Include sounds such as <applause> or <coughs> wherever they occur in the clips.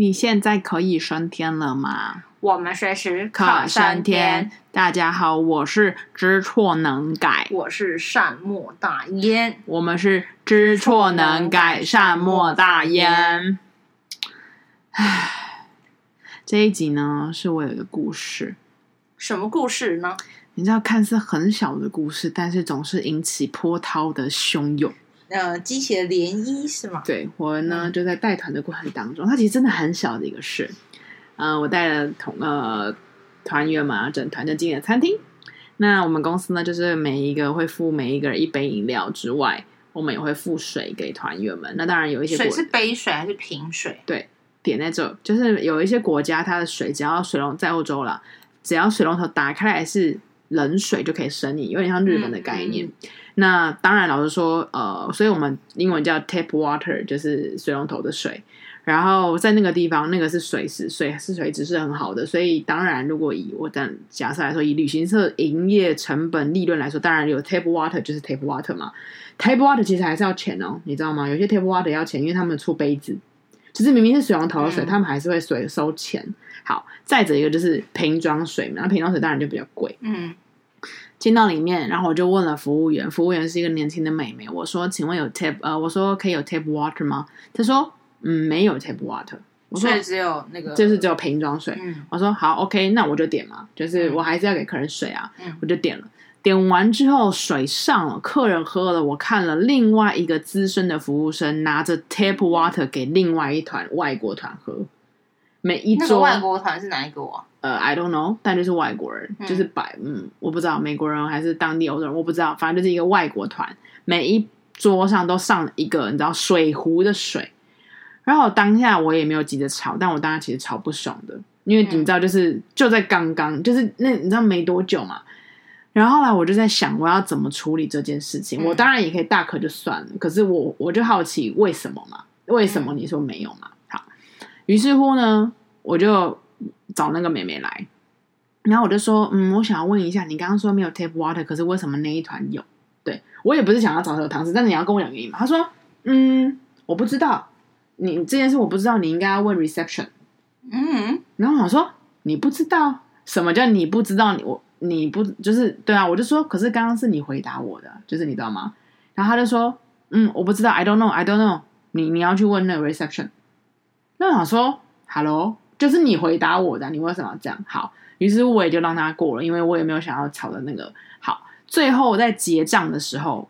你現在可以升天了嗎？我們隨時可升天，可升天。大家好，我是知錯能改。我是善莫大焉。我們是知錯能改，善莫大焉。唉，這一集呢，是我有一個故事。什麼故事呢？你知道看似很小的故事，但是總是引起波濤的洶湧。呃，激起的漣漪是嗎？對，我呢就在帶團的過程當中，嗯、它其實真的很小的一個事。呃，我帶了團呃團員們整團的經營餐廳，那我們公司呢就是每一個會付每一個人一杯飲料之外，我們也會付水給團員們。那當然有一些水是杯水還是瓶水？對，點在這就是有一些國家它的水只要水龍頭在歐洲了，只要水龍頭打開來是冷水就可以生飲，有點像日本的概念。嗯嗯那當然，老師說，呃，所以我們英文叫 tap water，就是水龍頭的水。然後在那個地方，那個是水是水是水質是很好的，所以當然，如果以我的假設來說，以旅行社營業成本利潤來說，當然有 tap water 就是 tap water 嘛。tap water 其實還是要錢哦、喔，你知道嗎？有些 tap water 要錢，因為他們出杯子，其、就、實、是、明明是水龍頭的水，嗯、他們還是會水收錢。好，再者一個就是瓶裝水嘛，那瓶裝水當然就比較貴，嗯。進到裡面，然後我就問了服務員，服務員是一個年輕的妹妹，我說，請問有 tap 呃，我說可以有 tap water 嗎？她說，嗯，沒有 tap water，我說，所以只有那個，就是只有瓶裝水。嗯、我說，好，OK，那我就點嘛、啊，就是我還是要給客人水啊，嗯、我就點了，點完之後水上了，客人喝了，我看了另外一個資深的服務生拿着 tap water 給另外一團外國團喝。每一桌那個外國團是哪一個、啊、呃，I don't know，但就是外國人，嗯、就是白，嗯，我不知道美國人還是當地歐洲人，我不知道，反正就是一個外國團。每一桌上都上一個你知道水壺的水，然後當下我也沒有急着吵，但我當下其實吵不爽的，因為你知道，就是、嗯、就在剛剛，就是那你知道沒多久嘛。然後後來我就在想，我要怎麼處理這件事情？嗯、我當然也可以大可就算了，可是我我就好奇為什麼嘛？為什麼你說沒有嘛？嗯於是乎呢，我就找那個妹妹來，然後我就說，嗯，我想要問一下，你剛剛說沒有 tap water，可是為什麼那一團有？對，我也不是想要找這個糖詩，但是你要跟我講原因嘛。他說，嗯，我不知道，你這件事我不知道，你應該要問 reception。嗯，然後我想說，你不知道什麼叫你不知道你我你不就是對啊？我就說，可是剛剛是你回答我的，就是你知道嗎？然後他就說，嗯，我不知道，I don't know，I don't know，你你要去問那個 reception。那我想說，Hello，就是你回答我的，你為什麼要這樣？好，於是我也就讓他過了，因為我也沒有想要吵的那個。好，最後我在結賬的時候，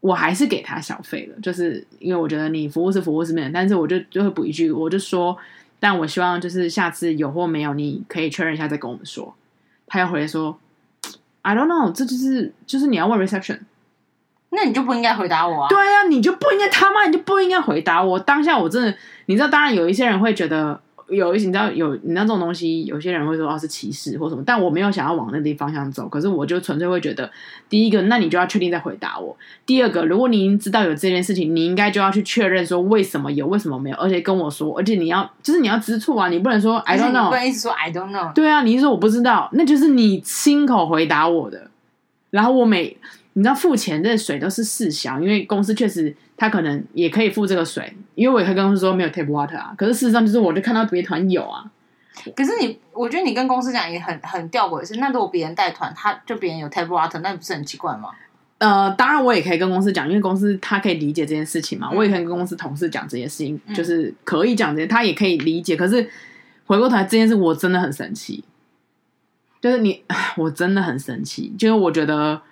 我還是給他小費了，就是因為我覺得你服務是服務是沒有，但是我就就會補一句，我就說，但我希望就是下次有或沒有，你可以確認一下再跟我們說。他又回來說，I don't know，這就是就是你要問 reception。那你就不應該回答我啊！對啊，你就不應該他媽，你就不應該回答我。當下我真的，你知道，當然有一些人會覺得，有一些你知道有你那種東西，有些人會說哦、啊，是歧視或什麼，但我沒有想要往那地方向走。可是我就純粹會覺得，第一個，那你就要確定再回答我；第二個，如果你已經知道有這件事情，你應該就要去確認說為什麼有，為什麼沒有，而且跟我說，而且你要就是你要知錯啊，你不能說，說 I don't know，不能一直說 I don't know。對啊，你是說我不知道，那就是你親口回答我的，然後我每。你知道付錢這水都是事小，因為公司確實他可能也可以付這個水，因為我也可以跟公司說沒有 tap water 啊。可是事實上就是我就看到別團有啊。可是你，我覺得你跟公司講也很很吊詭，是那如果別人帶團，他就別人有 tap water，那不是很奇怪嗎？呃，當然我也可以跟公司講，因為公司他可以理解這件事情嘛。我也可以跟公司同事講這件事情，嗯、就是可以講這些，他也可以理解。嗯、可是回過頭來這件事，我真的很神奇。就是你，我真的很神奇，就是我覺得。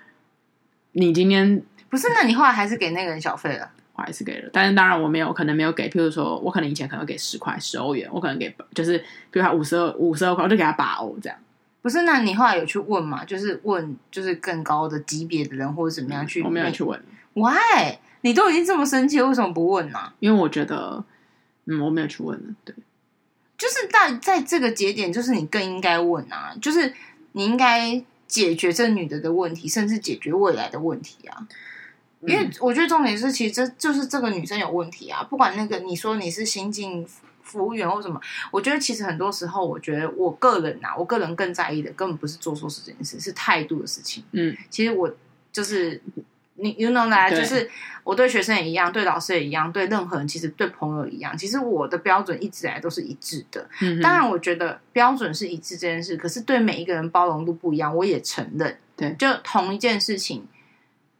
你今天不是？那你後來還是給那個人小費了？我還是給了，但是當然我沒有，可能沒有給。譬如說，我可能以前可能給十塊十歐元，我可能給就是，比如他五十二五十二塊，我就給他八歐這樣。不是？那你後來有去問嗎？就是問，就是更高的級別的人或者怎麼樣去、嗯？我沒有去問。Why？你都已經這麼生氣，為什麼不問呢、啊？因為我覺得，嗯，我沒有去問了。對，就是在在這個節點，就是你更應該問啊，就是你應該。解決這女的的問題，甚至解決未來的問題啊！因為我覺得重點是，其實這就是這個女生有問題啊。不管那個你說你是新進服務員或什麼，我覺得其實很多時候，我覺得我個人啊，我個人更在意的根本不是做錯事這件事，是態度的事情。嗯，其實我就是。你 you know that 對就是，我對學生也一樣，對老師也一樣，對任何人其實對朋友一樣，其實我的標準一直來都是一致的。嗯、哼當然，我覺得標準是一致這件事，可是對每一個人包容度不一樣，我也承認。對，就同一件事情，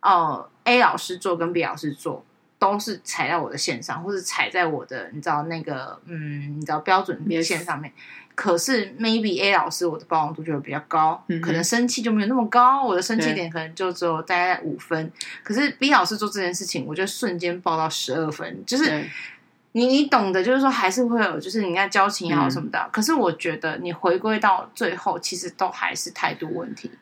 哦、呃、，A 老師做跟 B 老師做，都是踩在我的線上，或者踩在我的，你知道那個，嗯，你知道標準線上面。Yes. 可是，maybe A 老師，我的包容度就會比較高，嗯、哼可能生氣就沒有那麼高，我的生氣點可能就只有大概五分。對可是 B 老師做這件事情，我就瞬間爆到十二分。就是你，對你懂得，就是說，還是會有，就是你看交情也好什麼的。嗯、可是我覺得，你回歸到最後，其實都還是態度問題。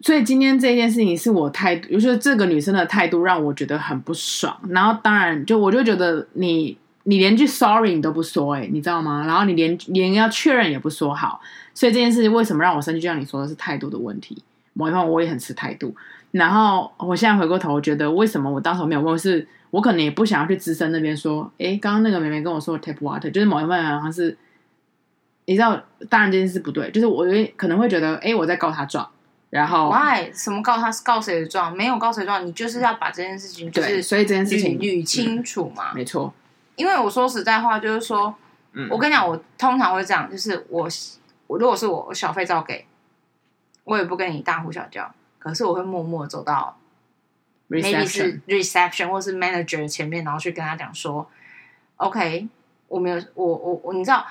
所以今天這件事情是我態度，就是這個女生的態度讓我覺得很不爽。然後，當然，就我就覺得你。你連句 sorry 你都不說、欸，哎，你知道嗎？然後你連連要確認也不說好，所以這件事情為什麼讓我生氣？就像你說的是態度的問題。某一方面我也很吃態度。然後我現在回過頭，覺得為什麼我當時我沒有問？我是我可能也不想要去資深那邊說，哎、欸，剛剛那個妹妹跟我說 tap water，就是某一方面好像是，你知道，當然這件事不對，就是我可能會覺得，哎、欸，我在告他狀，然後 why 什麼告他是告誰的狀？沒有告誰狀，你就是要把這件事情，就是對，所以這件事情捋清楚嘛，沒錯。因為我說實在話，就是說，嗯、我跟你講，我通常會這樣，就是我，我如果是我小費照給，我也不跟你大呼小叫，可是我會默默地走到 Reception，maybe 是 reception 或是 manager 前面，然後去跟他講說，OK，我沒有，我我我，你知道，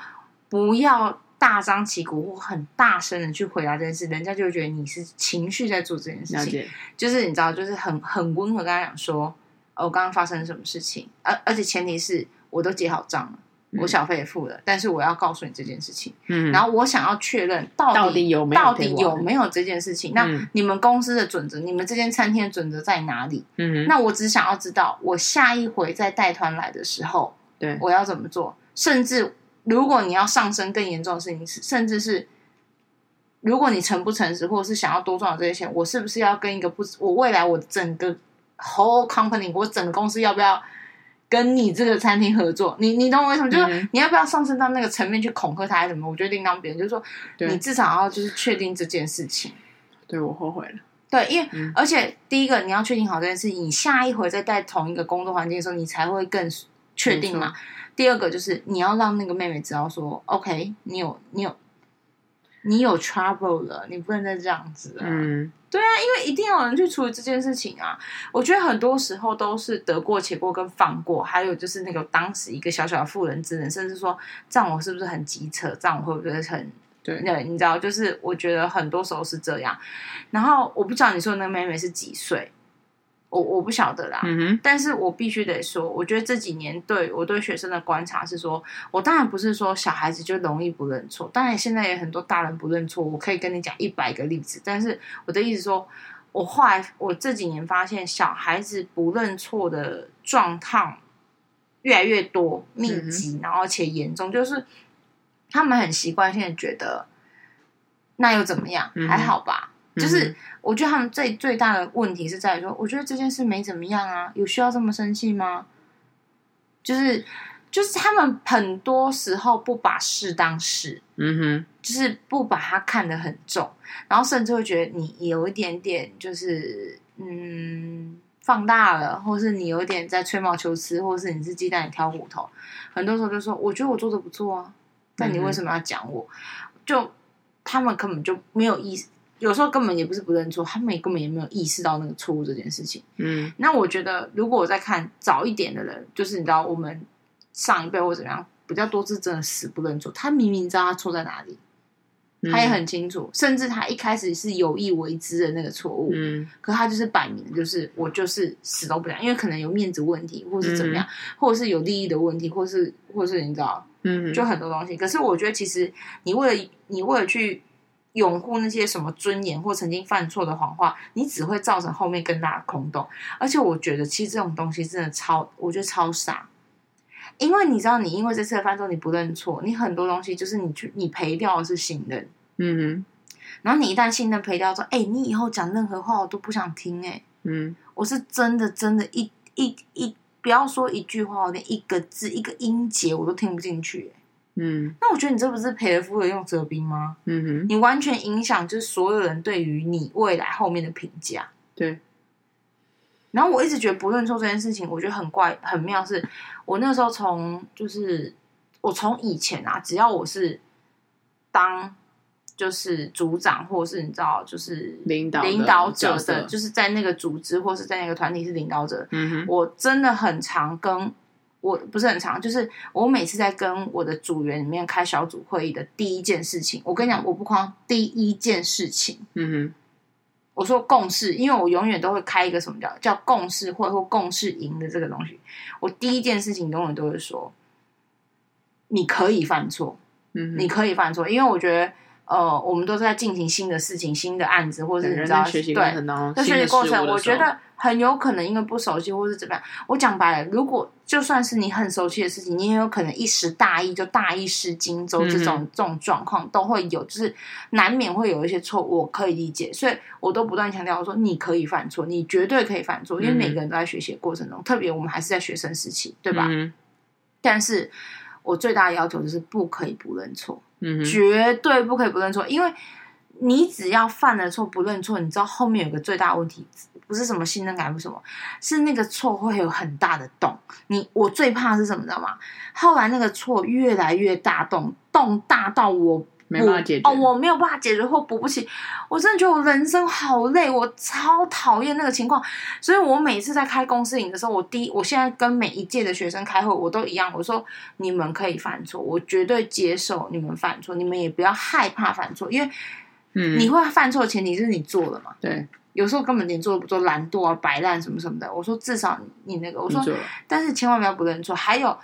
不要大張旗鼓或很大聲的去回答這件事，人家就覺得你是情緒在做這件事情，了解，就是你知道，就是很很溫和跟他講說，哦，我剛剛發生了什麼事情，而、啊、而且前提是。我都結好賬了，我小費也付了，嗯、但是我要告訴你這件事情。嗯，然後我想要確認到底，到底有沒有到底有沒有這件事情。嗯、那你們公司的準則，你們這間餐廳的準則在哪裡？嗯哼，那我只想要知道，我下一回再帶團來的時候，對，我要怎麼做？甚至如果你要上升更嚴重的事情，甚至是如果你誠不誠實，或者是想要多賺這些錢，我是不是要跟一個不？我未來我整個 whole company，我整個公司要不要？跟你這個餐廳合作，你你懂我意思嗎？嗯、就是你要不要上升到那個層面去恐嚇他還是什麼？我決定當別人，就是說你至少要就是確定這件事情。對，我後悔了。對，因為、嗯、而且第一個你要確定好這件事情，你下一回再帶同一個工作環境的時候，你才會更確定嘛。沒錯。第二個就是你要讓那個妹妹知道說，OK，你有你有。你有 trouble 了，你不能再這樣子了。嗯，對啊，因為一定要有人去處理這件事情啊。我覺得很多時候都是得過且過跟放過，還有就是那個當時一個小小的婦人之仁，甚至說，這樣我是不是很急扯？這樣我會不會很對？那你知道，就是我覺得很多時候是這樣。然後我不知道你說的那個妹妹是幾歲？我我不曉得啦，嗯哼，但是我必須得說，我覺得這幾年對我對學生的觀察是說，我當然不是說小孩子就容易不認錯，當然現在也有很多大人不認錯，我可以跟你講一百個例子，但是我的意思是說，我後來我這幾年發現小孩子不認錯的狀況越來越多，密集，嗯，然後且嚴重，就是他們很習慣性的覺得，那又怎麼樣？還好吧。嗯就是我覺得他們最最大的問題是在於說，我覺得這件事沒怎麼樣啊，有需要這麼生氣嗎？就是就是他們很多時候不把事當事，嗯哼，就是不把它看得很重，然後甚至會覺得你有一點點就是嗯放大了，或是你有點在吹毛求疵，或是你是雞蛋裡挑骨頭。很多時候就說，我覺得我做的不錯啊，那你為什麼要講我？嗯哼，就他們根本就沒有意思。有時候根本也不是不認錯，他們根本也沒有意識到那個錯誤這件事情。嗯，那我覺得如果我在看早一點的人，就是你知道我們上一輩或者怎麼樣比較多是真的死不認錯。他明明知道他錯在哪裡，嗯、他也很清楚，甚至他一開始是有意為之的那個錯誤。嗯，可他就是擺明就是我就是死都不講，因為可能有面子問題，或是怎麼樣，嗯、或者是有利益的問題，或者是或者是你知道，嗯，就很多東西。嗯、哼可是我覺得其實你為了你為了去。擁護那些什麼尊嚴或曾經犯錯的謊話，你只會造成後面更大的空洞。而且我覺得，其實這種東西真的超，我覺得超傻。因為你知道，你因為這次的犯錯你不認錯，你很多東西就是你去，你賠掉的是信任。嗯哼。然後你一旦信任賠掉，說：“哎，你以後講任何話我都不想聽、欸。”哎，嗯，我是真的真的一，一、一、一，不要說一句話，我連一個字、一個音節我都聽不進去、欸。嗯，那我覺得你這不是賠了夫人又折兵嗎？嗯哼，你完全影響就是所有人對於你未來後面的評價。對。然後我一直覺得不認錯這件事情，我覺得很怪很妙是。是我那時候從就是我從以前啊，只要我是當就是組長或是你知道就是領導領導者的就是在那個組織或是在那個團體是領導者，嗯哼，我真的很常跟。我不是很常，就是我每次在跟我的組員裡面開小組會議的第一件事情，我跟你講，我不狂，第一件事情，嗯哼，我說共識，因為我永遠都會開一個什麼叫叫共識會、或共識營的這個東西，我第一件事情永遠都會說，你可以犯錯，嗯哼你可以犯錯，因為我覺得。呃，我們都是在進行新的事情、新的案子，或者是你知道，學習過程呢，對，在學習過程，我覺得很有可能因為不熟悉或是怎麼樣。我講白了，如果就算是你很熟悉的事情，你也有可能一時大意就大意失荊州這種、嗯、哼這種狀況都會有，就是難免會有一些錯誤，我可以理解。所以，我都不斷強調說，你可以犯錯，你絕對可以犯錯，嗯、哼因為每個人都在學習過程中，特別我們還是在學生時期，對吧？嗯、哼但是，我最大的要求就是不可以不認錯。嗯，絕對不可以不認錯，因為你只要犯了錯不認錯，你知道後面有個最大問題，不是什麼信任感，不是什麼，是那個錯會有很大的洞。你我最怕是什麼，知道嗎？後來那個錯越來越大洞，洞大到我。沒辦法解決哦，我沒有辦法解決或補不起，我真的覺得我人生好累，我超討厭那個情況，所以我每次在開公司營的時候，我第一，我現在跟每一屆的學生開會，我都一樣，我說你們可以犯錯，我絕對接受你們犯錯，你們也不要害怕犯錯，因為你會犯錯的前提是你做了嘛，對，嗯，有時候根本連做都不做，懶惰啊，擺爛什麼什麼的，我說至少你那個，我說，做但是千萬不要不認錯，還有。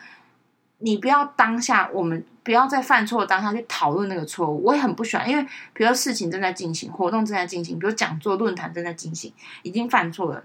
你不要當下，我們不要在犯錯當下去討論那個錯誤。我也很不喜歡，因為比如說事情正在進行，活動正在進行，比如講座、論壇正在進行，已經犯錯了，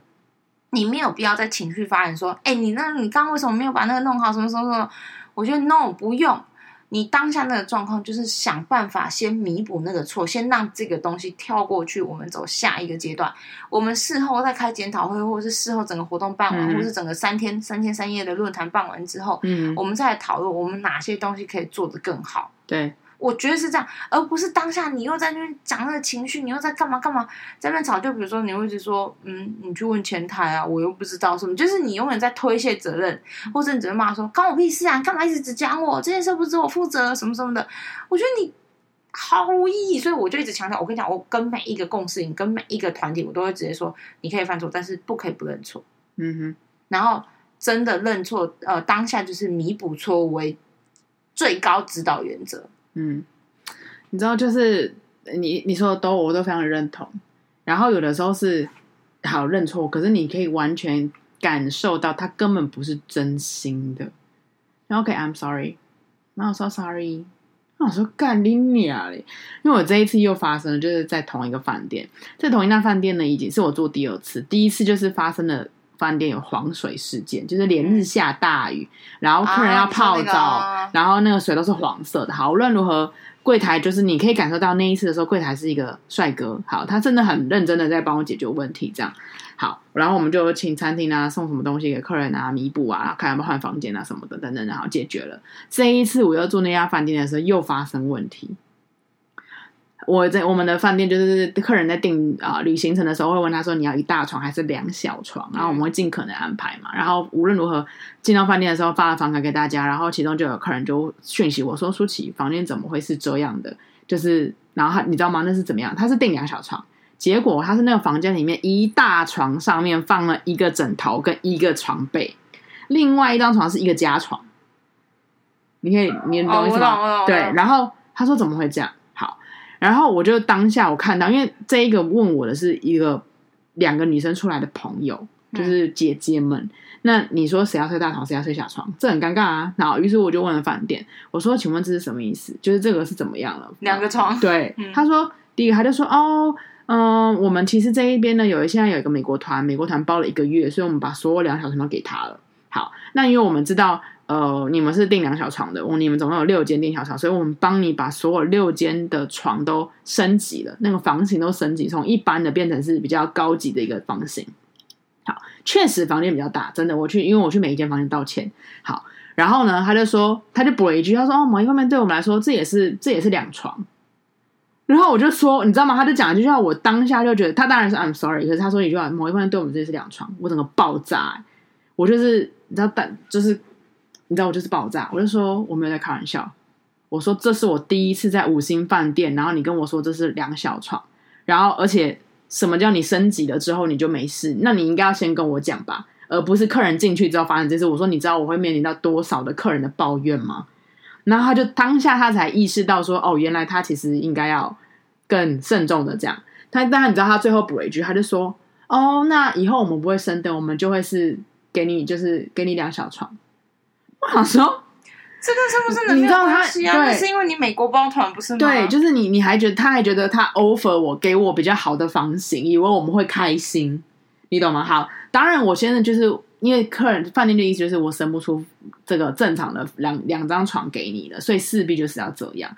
你沒有必要在情緒發展說：“哎，你那，你剛剛為什麼沒有把那個弄好？什麼什麼什麼，我覺得 no，不用。你當下那個狀況，就是想辦法先彌補那個錯，先讓這個東西跳過去，我們走下一個階段。我們事後再開檢討會，或者是事後整個活動辦完，嗯、或是整個三天三天三夜的論壇辦完之後，嗯、我們再來討論我們哪些東西可以做得更好，對。我覺得是這樣，而不是當下你又在那邊講那個情緒，你又在幹嘛幹嘛，在那邊吵。就比如說，你會一直說：“嗯，你去問前台啊，我又不知道什麼。”就是你永遠在推卸責任，或者你只會罵說：“關我屁事啊！幹嘛一直只講我這件事不是我負責什麼什麼的？”我覺得你毫無意義，所以我就一直強調。我跟你講，我跟每一個共事，你跟每一個團體，我都會直接說：你可以犯錯，但是不可以不認錯。嗯哼，然後真的認錯，呃，當下就是彌補錯誤為最高指導原則。嗯，你知道，就是你你說的都我都非常認同。然後有的時候是好認錯，可是你可以完全感受到他根本不是真心的。然後 OK，I'm sorry，那 so、啊、我說 sorry，那我說幹你娘嘞！因為我這一次又發生了，就是在同一個飯店，在同一家飯店呢，已經是我做第二次，第一次就是發生了。飯店有黃水事件，就是連日下大雨，嗯、然後客人要泡澡，啊、然後那個水都是黃色的。好，無論如何，櫃台就是你可以感受到那一次的時候，櫃台是一個帥哥。好，他真的很認真的在幫我解決問題，這樣好，然後我們就請餐廳啊送什麼東西給客人啊彌補啊，看要不要換房間啊什麼的等等，然後解決了。這一次我又住那家飯店的時候，又發生問題。我在我們的飯店，就是客人在訂啊、呃、旅行程的時候，會問他說，你要一大床還是兩小床，然後我們會儘可能安排嘛。然後無論如何進到飯店的時候發了房卡給大家，然後其中就有客人就訊息我說：“舒淇，房間怎麼會是這樣的？就是然後他你知道嗎？那是怎麼樣？他是訂兩小床，結果他是那個房間裡面一大床上面放了一個枕頭跟一個床被，另外一張床是一個加床。你可以，你也懂我意思吧、oh, 對，然後他說怎麼會這樣？”然後我就當下我看到，因為這一個問我的是一個兩個女生出來的朋友，就是姐姐們。嗯、那你說誰要睡大床，誰要睡小床？這很尷尬啊！然後，於是我就問了飯店，我說：“請問這是什麼意思？就是這個是怎麼樣了？”兩個床。對，嗯、他說：“第一個他就說，哦，嗯、呃，我們其實這一邊呢，有現在有一個美國團，美國團包了一個月，所以我們把所有兩小床都給他了。好，那因為我們知道。”呃，你們是訂兩小床的，我你們總共有六間訂小床，所以我們幫你把所有六間的床都升級了，那個房型都升級，從一般的變成是比較高級的一個房型。好，確實房間比較大，真的，我去，因為我去每一間房間道歉。好，然後呢，他就說，他就補了一句，他說：“哦，某一方面對我們來說，這也是這也是兩床。”然後我就說，你知道嗎？他就講了句話，就像我當下就覺得，他當然是 I'm sorry，可是他說一句話，某一方面對我們這也是兩床，我整個爆炸、欸，我就是你知道，但就是。你知道我就是爆炸，我就說我沒有在開玩笑。我說這是我第一次在五星飯店，然後你跟我說這是兩小床，然後而且什麼叫你升級了之後你就沒事？那你應該要先跟我講吧，而不是客人進去之後發生這事。我說你知道我會面臨到多少的客人的抱怨嗎？然後他就當下他才意識到說哦，原來他其實應該要更慎重的這樣。他當然你知道他最後補了一句，他就說哦，那以後我們不會升等，我們就會是給你就是給你兩小床。我說這個是不是沒有關係啊？不是因為你美國包團不是嗎？對，就是你，你還覺得他還覺得他 offer 我給我比較好的房型，以為我們會開心，你懂嗎？好，當然，我現在就是因為客人飯店的意思就是我生不出這個正常的兩兩張床給你的，所以勢必就是要這樣。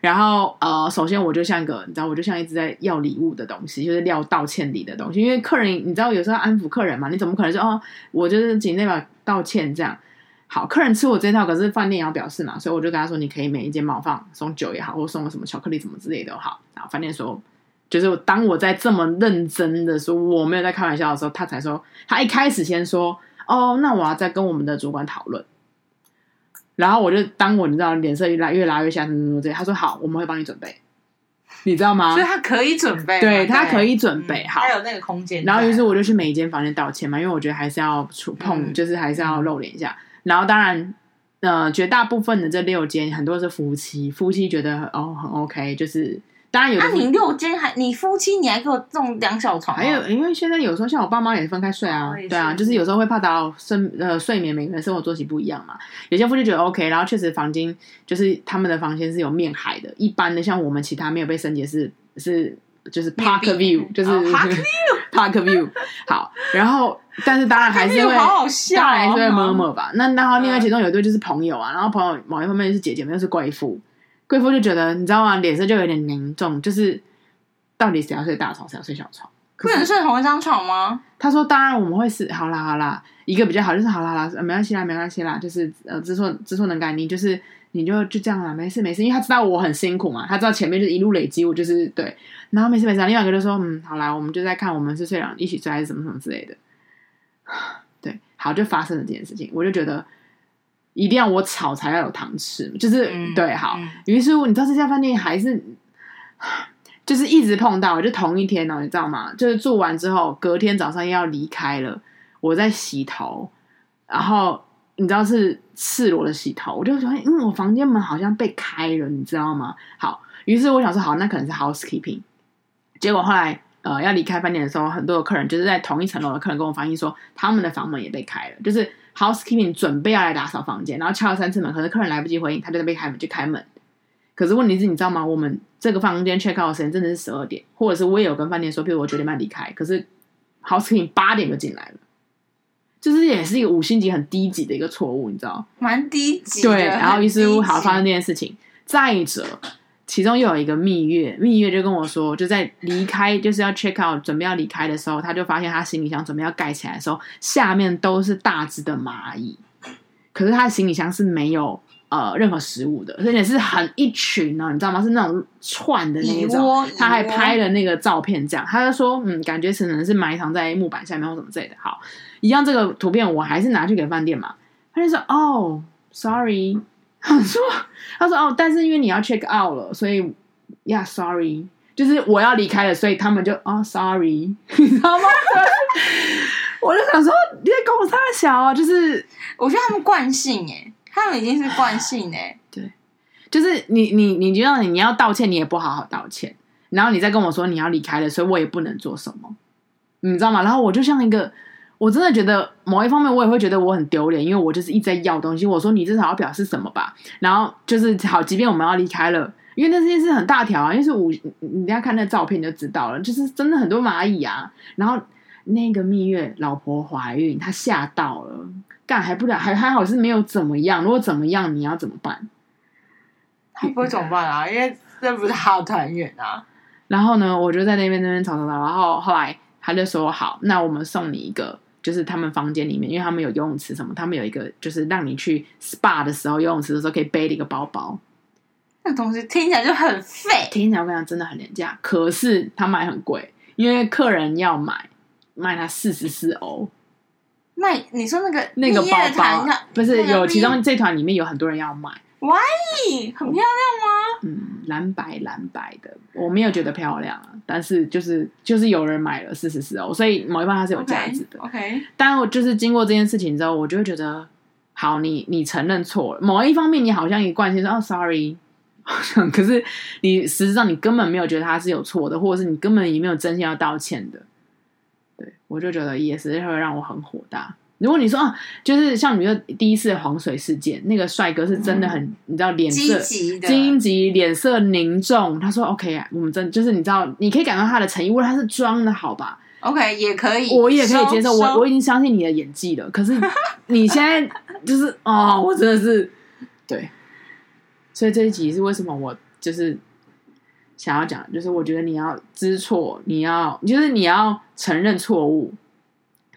然後呃，首先我就像一個你知道，我就像一直在要禮物的東西，就是要道歉禮的東西，因為客人你知道有時候安撫客人嘛，你怎麼可能說哦，我就是請那把道歉這樣。好，客人吃我這套，可是飯店也要表示嘛，所以我就跟他說：“你可以每一間房放送酒也好，或送個什麼巧克力什麼之類的。”好，然後飯店說：“就是我當我在這麼認真的說，我沒有在開玩笑的時候，他才說。”他一開始先說：“哦，那我要再跟我們的主管討論。”然後我就當我你知道，臉色一拉越拉越下，什麼之類，他說：“好，我們會幫你準備。”你知道嗎？ <laughs> 所以他可以準備，對他可以準備，嗯、好，他有那個空間。然後於是我就去每一間房間道歉嘛，了因為我覺得還是要觸碰，嗯、就是還是要露臉一下。嗯然後當然，呃，絕大部分的這六間很多是夫妻，夫妻覺得很哦很 OK，就是當然有。那、啊、你六間還你夫妻你還給我種兩小床、啊？還有，因為現在有時候像我爸媽也分開睡啊，哦、對啊，就是有時候會怕到生呃睡眠每個人生活作息不一樣嘛。有些夫妻覺得 OK，然後確實房間就是他們的房間是有面海的。一般的像我們其他沒有被升級是是就是 Park View，Maybe. 就是、oh, Park View <laughs> Park View <laughs> 好，然後。但是當然還、好好笑、還是會，當然還是會摸摸吧。嗯、那然後另外其中有一對就是朋友啊，然後朋友某一方面是姐姐，沒有是貴婦。貴婦就覺得你知道嗎？臉色就有點凝重，就是到底誰要睡大床，誰要睡小床？不能睡同一張床嗎？他說：“當然，我們會是好啦，好啦，一個比較好就是好啦好啦，沒關係啦，沒關係啦，就是呃知錯知錯能改，你就是你就就這樣啦，沒事沒事。”因為他知道我很辛苦嘛，他知道前面就是一路累積，我就是對。然後沒事沒事、啊，另外一個就說：“嗯，好啦，我們就在看，我們是，是睡了一起睡還是什麼什麼之類的。”對，好，就發生了這件事情，我就覺得一定要我吵才要有糖吃，就是、嗯、對，好。嗯、於是我你知道這家飯店還是就是一直碰到，我就同一天呢，你知道嗎？就是住完之後，隔天早上要離開了，我在洗頭，然後你知道是赤裸的洗頭，我就覺得嗯，我房間門好像被開了，你知道嗎？好，於是我想說，好，那可能是 housekeeping，結果後來。呃，要離開飯店的時候，很多的客人就是在同一層樓的客人跟我反映說，他們的房門也被開了，就是 housekeeping 準備要來打掃房間，然後敲了三次門，可是客人來不及回應，他就在被開門就開門。可是問題是，你知道嗎？我們這個房間 check out 的時間真的是十二點，或者是我也有跟飯店說，譬如我九點半離開，可是 housekeeping 八點就進來了，就是也是一個五星級很低級的一個錯誤，你知道？蠻低級,對低級。對，然後於是乎，好像發生這件事情。再者。其中又有一個蜜月，蜜月就跟我說，就在離開，就是要 check out，準備要離開的時候，他就發現他行李箱準備要蓋起來的時候，下面都是大隻的螞蟻，可是他的行李箱是沒有呃任何食物的，而且是很一群呢、啊，你知道嗎？是那種串的那種，呦他還拍了那個照片，這樣他就說，嗯，感覺只能是埋藏在木板下面或什麼之類的。好，一樣這個圖片我還是拿去給飯店嘛，他就說，哦，sorry。說，他說哦，但是因為你要 check out 了，所以呀 sorry，就是我要離開了，所以他們就啊、哦、sorry， <laughs> 你知道嗎？ <laughs> 我就想說，你在跟我差小啊，就是我覺得他們慣性哎、欸，他們已經是慣性哎、欸，對，就是你你你，你就像你要道歉，你也不好好道歉，然後你再跟我說你要離開了，所以我也不能做什麼，你知道嗎？然後我就像一個。我真的覺得某一方面，我也會覺得我很丟臉，因為我就是一直在要東西。我說你至少要表示什麼吧。然後就是好，即便我們要離開了，因為那件事是很大條啊，因為是五，你等下看那照片就知道了，就是真的很多螞蟻啊。然後那個蜜月，老婆懷孕，她嚇到了，幹還不了，還還好是沒有怎麼樣。如果怎麼樣，你要怎麼辦？她不會怎麼辦啊？看因為這不是好團圓啊。然後呢，我就在那邊那邊吵吵吵。然後後來他就說好，那我們送你一個。就是他們房間裡面，因為他們有游泳池什麼，他們有一個就是讓你去 SPA 的時候，游泳池的時候可以背的一個包包，那東西聽起來就很廢，聽起來我跟你講真的很廉價，可是他賣很貴，因為客人要買，賣他四十四歐。賣？你說那個那個包包？啊？不是有其中這團裡面有很多人要買。哇很漂亮嗎？嗯，藍白藍白的，我沒有覺得漂亮啊。但是就是就是有人買了，是是是哦，所以某一方面它是有價值的。OK, okay. 但我就是經過這件事情之後，我就會覺得，好，你你承認錯了，某一方面你好像一貫性說，哦，sorry， <laughs> 可是你實際上你根本沒有覺得他是有錯的，或者是你根本也沒有真心要道歉的。對我就覺得，也是，會讓我很火大。如果你說啊，就是像你說第一次黃水事件，那個帥哥是真的很，嗯、你知道臉色荊棘，臉色凝重。他說 OK，、啊、我們真就是你知道，你可以感到他的誠意，或他是裝的，好吧？OK，也可以，我也可以接受，我我已經相信你的演技了。可是你現在就是 <laughs> 哦，我真的是對，所以這一集是為什麼我就是想要講，就是我覺得你要知錯，你要就是你要承認錯誤。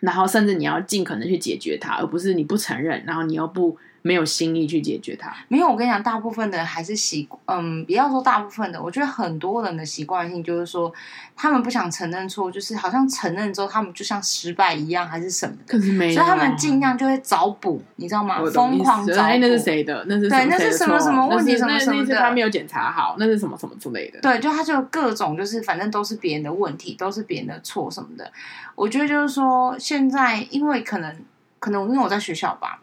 然後，甚至你要盡可能去解決它，而不是你不承認，然後你又不。沒有心力去解決它。沒有，我跟你講，大部分的還是習慣，嗯，不要說大部分的，我覺得很多人的習慣性就是說，他們不想承認錯，就是好像承認之後，他們就像失敗一樣，還是什麼的。可是沒有，所以他們儘量就會找補，你知道嗎？瘋狂找補。那是誰的？那是誰對，那是什麼什麼問題？什麼什麼的？那是那那他沒有檢查好，那是什麼什麼之類的？對，就他就各種，就是反正都是別人的問題，都是別人的錯什麼的。我覺得就是說，現在因為可能，可能因為我在學校吧。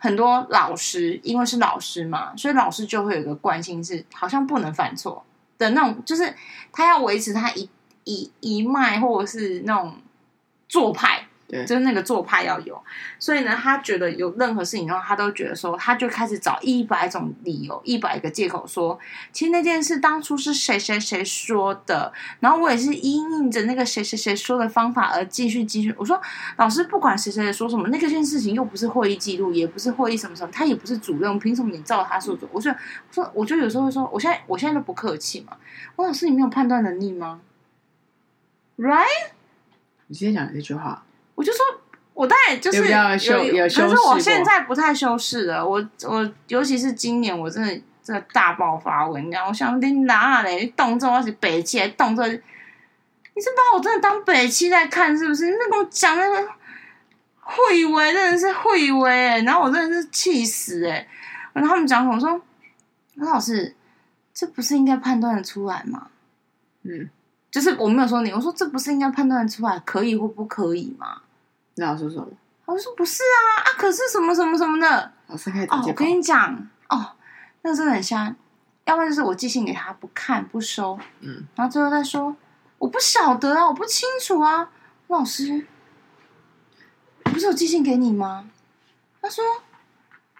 很多老師，因為是老師嘛，所以老師就會有一個慣性，是好像不能犯錯的那種，就是他要維持他一一一脈，或者是那種做派。對，就是那個做派要有，所以呢，他覺得有任何事情，然後他都覺得說，他就開始找一百種理由，一百個借口，說，其實那件事當初是誰誰誰說的，然後我也是因應着那個誰誰誰說的方法而繼續繼續。我說，老師，不管誰誰說什麼，那個、件事情又不是會議記錄，也不是會議什麼什麼，他也不是主任，憑什麼你照他說的做？我說，我說，我就有時候會說，我現在我現在都不客氣嘛。王老師，你沒有判斷能力嗎？Right？你今天講的這句話。我就說，我當然就是有有，有可是我現在不太修飾了。我我尤其是今年，我真的真的大爆發。我跟你講，我想你哪嘞？你動作而且北七，動作你是把我真的當北七在看，是不是？那跟我講那個會威，真的是會威、欸。然後我真的是氣死哎、欸！然後他們講什麼？我說，老師，這不是應該判斷得出來嗎？嗯，就是我沒有說你，我說這不是應該判斷得出來可以或不可以嗎？那老師說什麼？老師說不是啊，啊，可是什麼什麼什麼的。老師開始、哦、我跟你講，哦，那個真的很像，要不然就是我寄信給他不看不收，嗯，然後最後再說我不曉得啊，我不清楚啊。老師，我不是有寄信給你嗎？他說，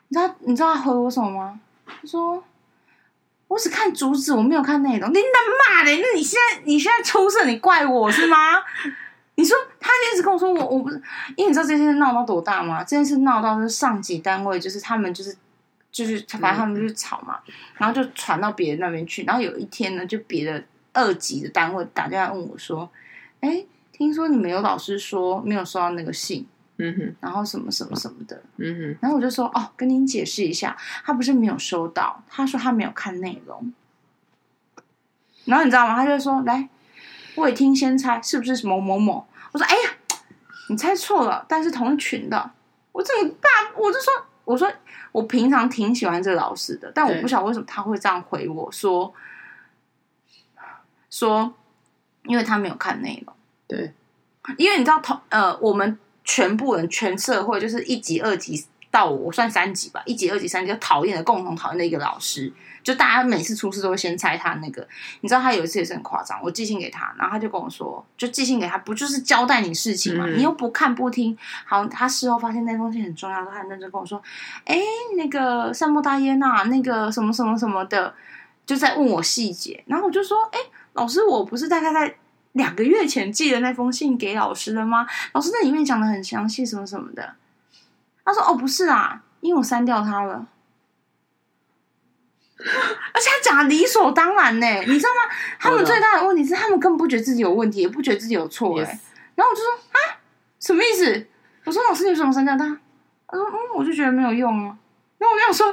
你知道你知道他回我什麼嗎？他說我只看主旨，我沒有看內容。 <laughs> 你那媽的，那你現在你現在出事，你怪我是嗎？ <laughs> 你說。他就一直跟我說我：“我我不是，因為你知道這件事鬧到多大嗎？這件事鬧到是上級單位，就是他們、就是，就是就是，反正他們就是吵嘛，mm hmm. 然後就傳到別人那邊去。然後有一天呢，就別的二級的單位打電話問我說：‘哎、欸，聽說你們有老師說沒有收到那個信？’嗯哼、mm，hmm. 然後什麼什麼什麼的，嗯哼、mm。Hmm. 然後我就說：‘哦，跟您解釋一下，他不是沒有收到，他說他沒有看內容。’然後你知道嗎？他就說：‘來，未聽先猜，是不是某某某？’我說：“哎呀，你猜錯了，但是同群的，我怎麼辦？”我就說：“我說我平常挺喜歡這個老師的，但我不曉得為什麼他會這樣回我說說，因為他沒有看內容。”對，因為你知道同呃，我們全部人全社會就是一級二級。到我，我算三級吧，一級、二級、三級，就討厭的共同討厭的一個老師，就大家每次出事都會先猜他那個。你知道他有一次也是很誇張，我寄信給他，然後他就跟我說，就寄信給他，不就是交代你事情嗎？你又不看不聽，好，他事後發現那封信很重要，他認真跟跟我說，哎，那個薩莫達耶娜，那個什麼什麼什麼的，就在問我細節。然後我就說，哎，老師，我不是大概在兩個月前寄的那封信給老師了嗎？老師那裡面講的很詳細，什麼什麼的。他說：“哦，不是啊，因為我刪掉他了。 <laughs> 而且他講得理所當然呢，你知道嗎？Oh、no. 他們最大的問題是，他們根本不覺得自己有問題，也不覺得自己有錯。哎，Yes. 然後我就說啊，什麼意思？我說老師，你為什麼刪掉他？他說嗯，我就覺得沒有用啊。那我沒有說，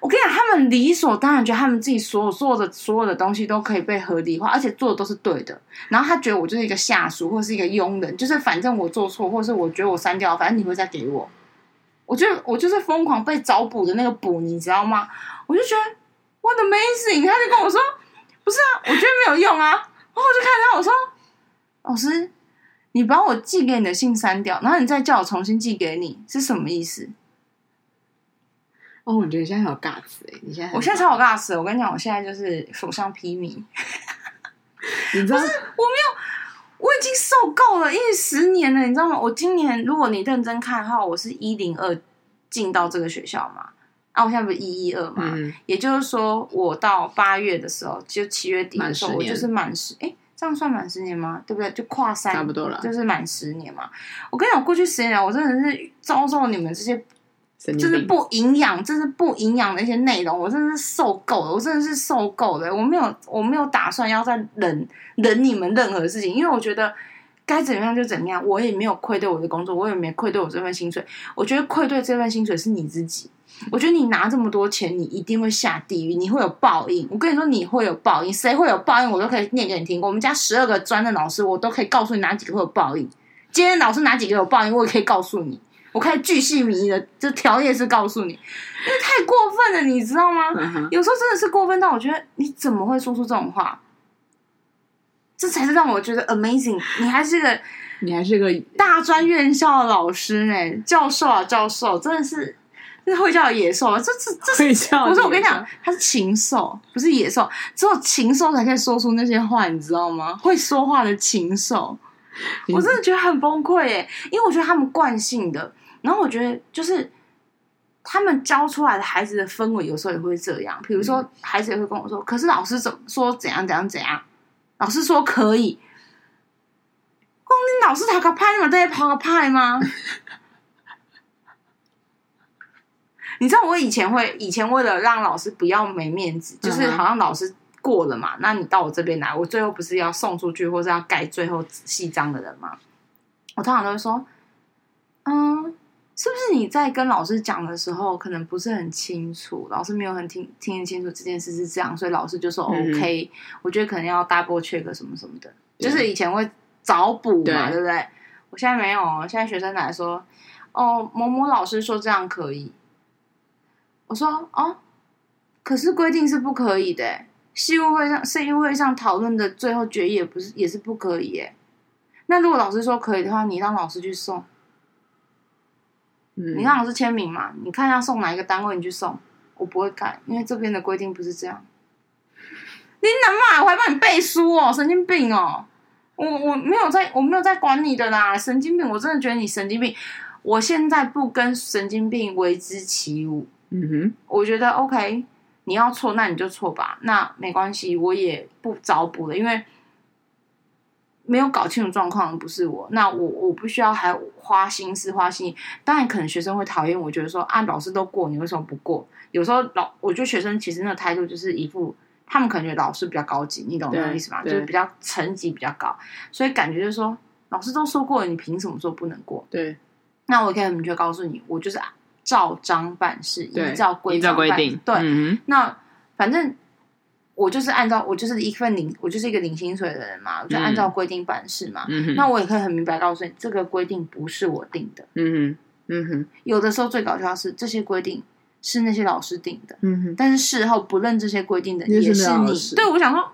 我跟你講，他們理所當然覺得他們自己所有做的所有的東西都可以被合理化，而且做的都是對的。然後他覺得我就是一個下屬，或者是一個傭人，就是反正我做錯，或者是我覺得我刪掉，反正你會再給我。”我就我就是瘋狂被找補的那個補，你知道嗎？我就覺得，What amazing！他就跟我說，不是啊，我覺得沒有用啊。然後我就看他，我說，老師，你把我寄給你的信刪掉，然後你再叫我重新寄給你，是什麼意思？哦，我覺得現在好尬死，你現在、欸、你現在，我現在超好尬死，我跟你講，我現在就是所向披靡。 <laughs> 你不知道是，我沒有。我已經受夠了，因為十年了，你知道嗎？我今年如果你認真看的話，我是一零二進到這個學校嘛，啊，我現在不是一一二嘛，嗯、也就是說我到八月的時候，就七月底的時候，我就是滿十，哎、欸，這樣算滿十年嗎？對不對？就跨三，差不多了，就是滿十年嘛。我跟你講，過去十年了，我真的是遭受你們這些。就是不營養，就是不營養的一些內容，我真的是受夠了，我真的是受夠了。我沒有，我沒有打算要再忍忍你們任何事情，因為我覺得該怎麼樣就怎麼樣。我也沒有愧對我的工作，我也沒愧對我這份薪水。我覺得愧對這份薪水是你自己。我覺得你拿這麼多錢，你一定會下地獄，你會有報應。我跟你說，你會有報應，誰會有報應，我都可以念給你聽。我們家十二個專任的老師，我都可以告訴你哪幾個會有報應。今天老師哪幾個有報應，我也可以告訴你。我開巨細靡遺的，就條列式告訴你，因為太過分了，你知道嗎？Uh huh. 有時候真的是過分到我覺得你怎麼會說出這種話？這才是讓我覺得 amazing。你還是個，你還是個大專院校的老師呢、欸，教授啊，教授，真的是，真是會叫野獸、啊、了，這這這不是我跟你講，他是禽獸，不是野獸，只有禽獸才可以說出那些話，你知道嗎？會說話的禽獸，嗯、我真的覺得很崩潰誒、欸，因為我覺得他們慣性的。然後我覺得，就是他們教出來的孩子的氛圍，有時候也會這樣。比如說，孩子也會跟我說：“嗯、可是老師怎說？怎樣？怎樣？怎樣？”老師說可以。哦、你老師他個，個派嗎？這些朋友派嗎？你知道我以前會，以前為了讓老師不要沒面子，就是好像老師過了嘛，嗯、那你到我這邊來，我最後不是要送出去，或是要蓋最後細章的人嗎？我通常都會說：“嗯。”是不是，你在跟老師講的時候，可能不是很清楚，老師沒有很聽聽得清楚這件事是這樣，所以老師就說 OK、嗯哼。我覺得可能要 double check 什麼什麼的，嗯、就是以前會早補嘛，對，對不對？我現在沒有，現在學生來說，哦，某某老師說這樣可以，我說哦，可是規定是不可以的，系務會上系務會上討論的最後決議也不是也是不可以耶？那如果老師說可以的話，你讓老師去送。嗯、你看我是簽名嘛？你看要送哪一個單位，你去送。我不會改，因為這邊的規定不是這樣。你能不能，我還幫你背書哦？神經病哦！我我沒有在，我沒有在管你的啦，神經病！我真的覺得你神經病。我現在不跟神經病為之起舞。嗯哼，我覺得 OK。你要錯，那你就錯吧，那沒關係，我也不找補了，因為。沒有搞清楚狀況，不是我。那我我不需要還花心思花心。當然，可能學生會討厭。我覺得說啊，老師都過，你為什麼不過？有時候老，我覺得學生其實那個態度就是一副，他們可能覺得老師比較高級，你懂我的意思嗎？對就是比較層級比較高，所以感覺就是說，老師都說過了，你憑什麼說不能過？對。那我可以很明確告訴你，我就是照章辦事，對依照規，對依照規定。對。嗯、哼那反正。我就是按照我就是一份領我就是一個領薪水的人嘛，我就、嗯、按照規定辦事嘛。嗯、哼那我也可以很明白告訴你，這個規定不是我定的。嗯哼，嗯哼，有的時候最搞笑的是這些規定是那些老師定的。嗯哼，但是事後不認這些規定的也是你。是對，我想說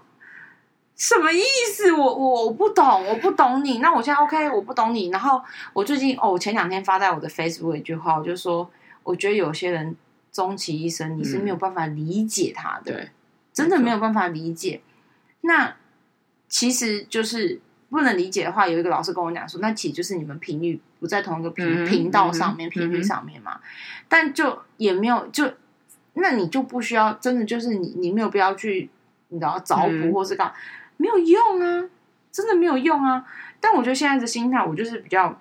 什麼意思？我我，我不懂，我不懂你。那我現在 OK，我不懂你。然後我最近哦，我前兩天發在我的 Facebook 一句話，我就說我覺得有些人終其一生你是沒有辦法理解他的。嗯、對。真的沒有辦法理解，沒錯，那其實就是不能理解的話，有一個老師跟我講說，那其實就是你們頻率不在同一個頻頻、嗯、道上面，頻率、嗯、上面嘛，嗯、但就也沒有就，那你就不需要真的就是你你沒有必要去，你知道，找補或是幹嘛、嗯、沒有用啊，真的沒有用啊。但我覺得現在的心態，我就是比較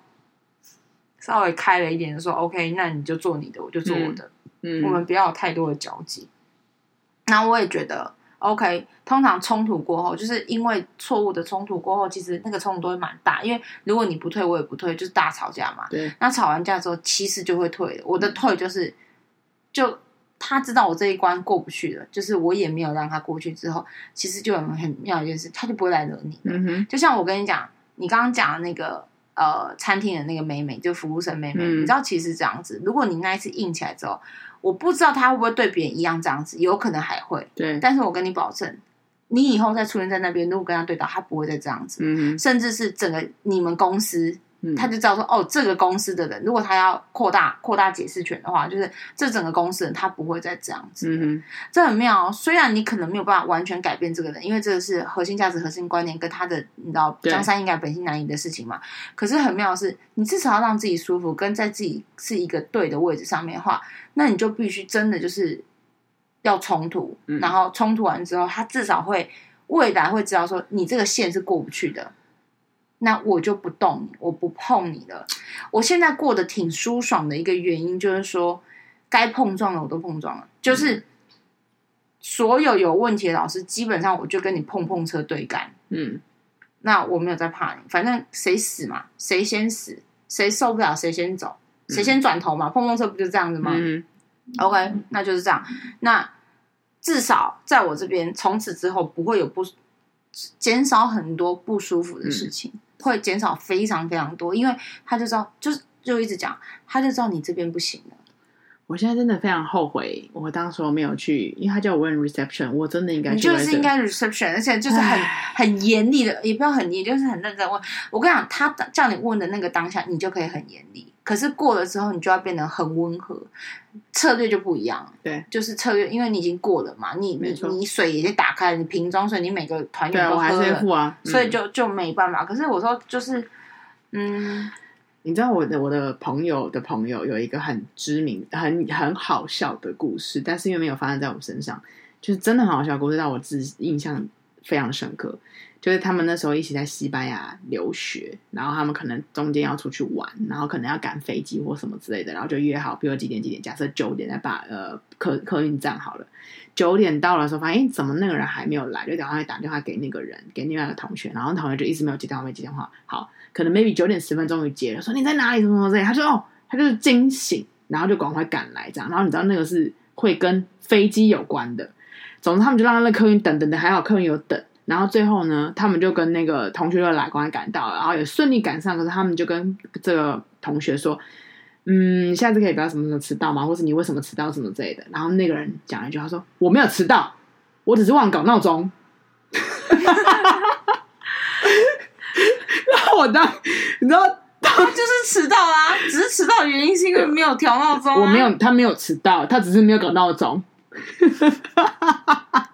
稍微開了一點的說，說 OK，那你就做你的，我就做我的，嗯嗯、我們不要有太多的交集。那我也覺得 OK。通常衝突過後，就是因為錯誤的衝突過後，其實那個衝突都會蠻大。因為如果你不退，我也不退，就是大吵架嘛。對。那吵完架之後，其實就會退。我的退就是，就他知道我這一關過不去了，就是我也沒有讓他過去。之後其實就有很妙一件事，他就不會來惹你。嗯哼。就像我跟你講，你剛剛講的那個呃餐廳的那個妹妹，就服務生妹妹，嗯、你知道其實這樣子，如果你那一次硬起來之後，我不知道他會不會對別人一樣這樣子，有可能還會。對，但是我跟你保證，你以後再出現在那邊，如果跟他對到，他不會再這樣子。嗯哼，甚至是整個你們公司。他就知道說，哦，這個公司的人，如果他要擴大擴大解釋權的話，就是這整個公司的人他不會再這樣子。嗯哼，這很妙哦。雖然你可能沒有辦法完全改變這個人，因為這個是核心價值、核心觀念跟他的，你知道，江山易改，本性難移的事情嘛。對可是很妙的是，你至少要讓自己舒服，跟在自己是一個對的位置上面的話，那你就必須真的就是要衝突，嗯、然後衝突完之後，他至少會未來會知道說，你這個線是過不去的。那我就不動你，我不碰你了。我現在過得挺舒爽的一個原因就是說，該碰撞的我都碰撞了。嗯、就是所有有問題的老師，基本上我就跟你碰碰車對幹。嗯，那我沒有在怕你，反正誰死嘛，誰先死，誰受不了誰先走，誰先轉頭嘛，嗯、碰碰車不就這樣子嗎？OK，嗯，嗯。Okay, 那就是這樣。那至少在我這邊，從此之後不會有不減少很多不舒服的事情。嗯會減少非常非常多，因為他就知道，就就一直講，他就知道你這邊不行了。我現在真的非常後悔，我當時我沒有去，因為他叫我問 reception，我真的應該。你就是應該 reception，而且就是很 <laughs> 很嚴厲的，也不要很嚴，就是很認真問。我跟你講，他叫你問的那個當下，你就可以很嚴厲。可是過了之後，你就要變得很溫和，策略就不一樣。對，就是策略，因為你已經過了嘛，你你錯你水已經打開了，你瓶裝水，你每個團員都喝了，還在啊、所以就就沒辦法。嗯、可是我說，就是嗯。你知道我的我的朋友的朋友有一個很知名、很很好笑的故事，但是又沒有發生在我身上，就是真的很好笑的故事，讓我自己印象非常深刻。就是他們那時候一起在西班牙留學，然後他們可能中間要出去玩，然後可能要趕飛機或什麼之類的，然後就約好，比如說幾點幾點，假設九點在巴呃客客運站好了，九點到了時候發現，哎，怎麼那個人還沒有來？就等他會打電話給那個人，給另外一個同學，然後同學就一直沒有接到，沒接電話。好，可能 maybe 九點十分終於接了，說你在哪裡？什麼什麼之類，他說哦，他就是驚醒，然後就趕快，快趕來這樣，然後你知道那個是會跟飛機有關的，總之他們就讓那客運等等等，還好客運有等。然後最後呢，他們就跟那個同學的老公趕到了，然後也順利趕上。可是他們就跟這個同學說：“嗯，下次可以不要什麼時候遲到嗎？或是你為什麼遲到什麼之類的？”然後那個人講了一句：“他說我沒有遲到，我只是忘搞鬧鐘。”然後我當你知道他就是遲到啊，只是遲到原因是因為沒有調鬧鐘，啊我。我沒有，他沒有遲到，他只是沒有搞鬧鐘。 <laughs>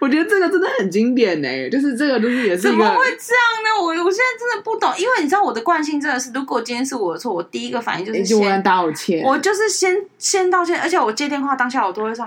我覺得這個真的很經典呢、欸，就是這個東西也是怎麼會這樣呢？我我現在真的不懂，因為你知道我的慣性真的是，如果今天是我的錯，我第一個反應就是先道歉。我就是先先，先道歉，而且我接電話當下我都會說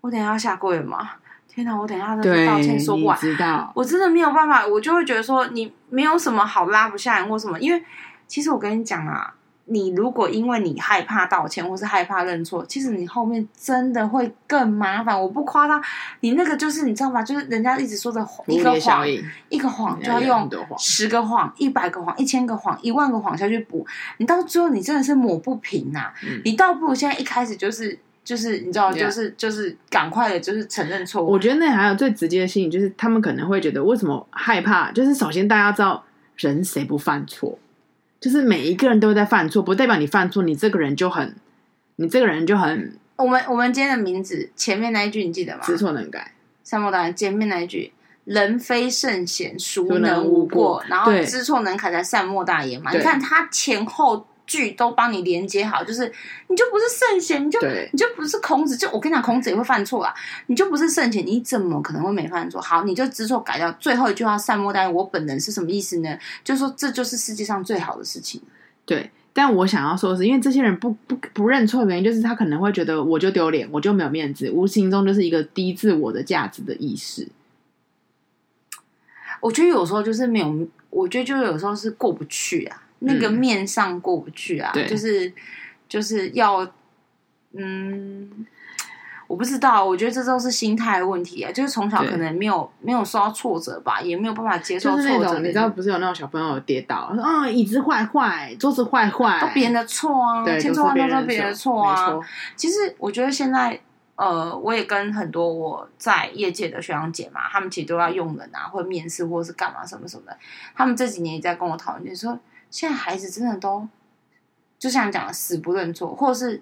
我等下要下跪嗎？天哪，我等下真的道歉說不完，我知道，我真的沒有辦法，我就會覺得說你沒有什麼好拉不下來，或什麼，因為其實我跟你講啊。你如果因為你害怕道歉，或是害怕認錯，其實你後面真的會更麻煩。我不誇張，你那個就是你知道嗎？就是人家一直說的，一個謊，一個謊就要用十個謊、謊、一百個謊、一千個謊、一萬個謊下去補。你到最後，你真的是抹不平吶、啊。嗯、你倒不如現在一開始就是就是你知道，就是 Yeah. 就是趕快的，就是承認錯誤。我覺得那還有最直接的心理，就是他們可能會覺得，為什麼害怕？就是首先大家知道，人誰不犯錯？就是每一個人都在犯錯，不代表你犯錯，你這個人就很，你這個人就很。我們我們今天的名字前面那一句你記得嗎？知錯能改，善莫大焉。前面那一句，人非聖賢，孰能無過？對然後知錯能改，才善莫大焉嘛。你看他前後。句都幫你連接好，就是你就不是聖賢，你就對你就不是孔子，就我跟你講，孔子也會犯錯啊，你就不是聖賢，你怎麼可能會沒犯錯？好，你就知錯改掉。最後一句話善莫大焉，我本人是什麼意思呢？就說這就是世界上最好的事情。對，但我想要說的是，因為這些人不不不認錯的原因，就是他可能會覺得我就丟臉，我就沒有面子，無形中就是一個低自我的價值的意識。我覺得有時候就是沒有，我覺得就有時候是過不去啊。那個面上過不去啊，嗯、就是就是要，嗯，我不知道，我覺得這都是心態問題啊，就是從小可能沒有對沒有受到挫折吧，也沒有辦法接受挫折。你知道不是有那種小朋友跌倒，說啊、哦、椅子壞壞，桌子壞壞，都別人的錯啊，千對錯萬錯都別人的錯啊。其實我覺得現在，呃，我也跟很多我在業界的學長姐嘛，他們其實都要用人啊，或面試或者是幹嘛什麼什麼的，他們這幾年也在跟我討論，就是說。現在孩子真的都就像講死不認錯，或者是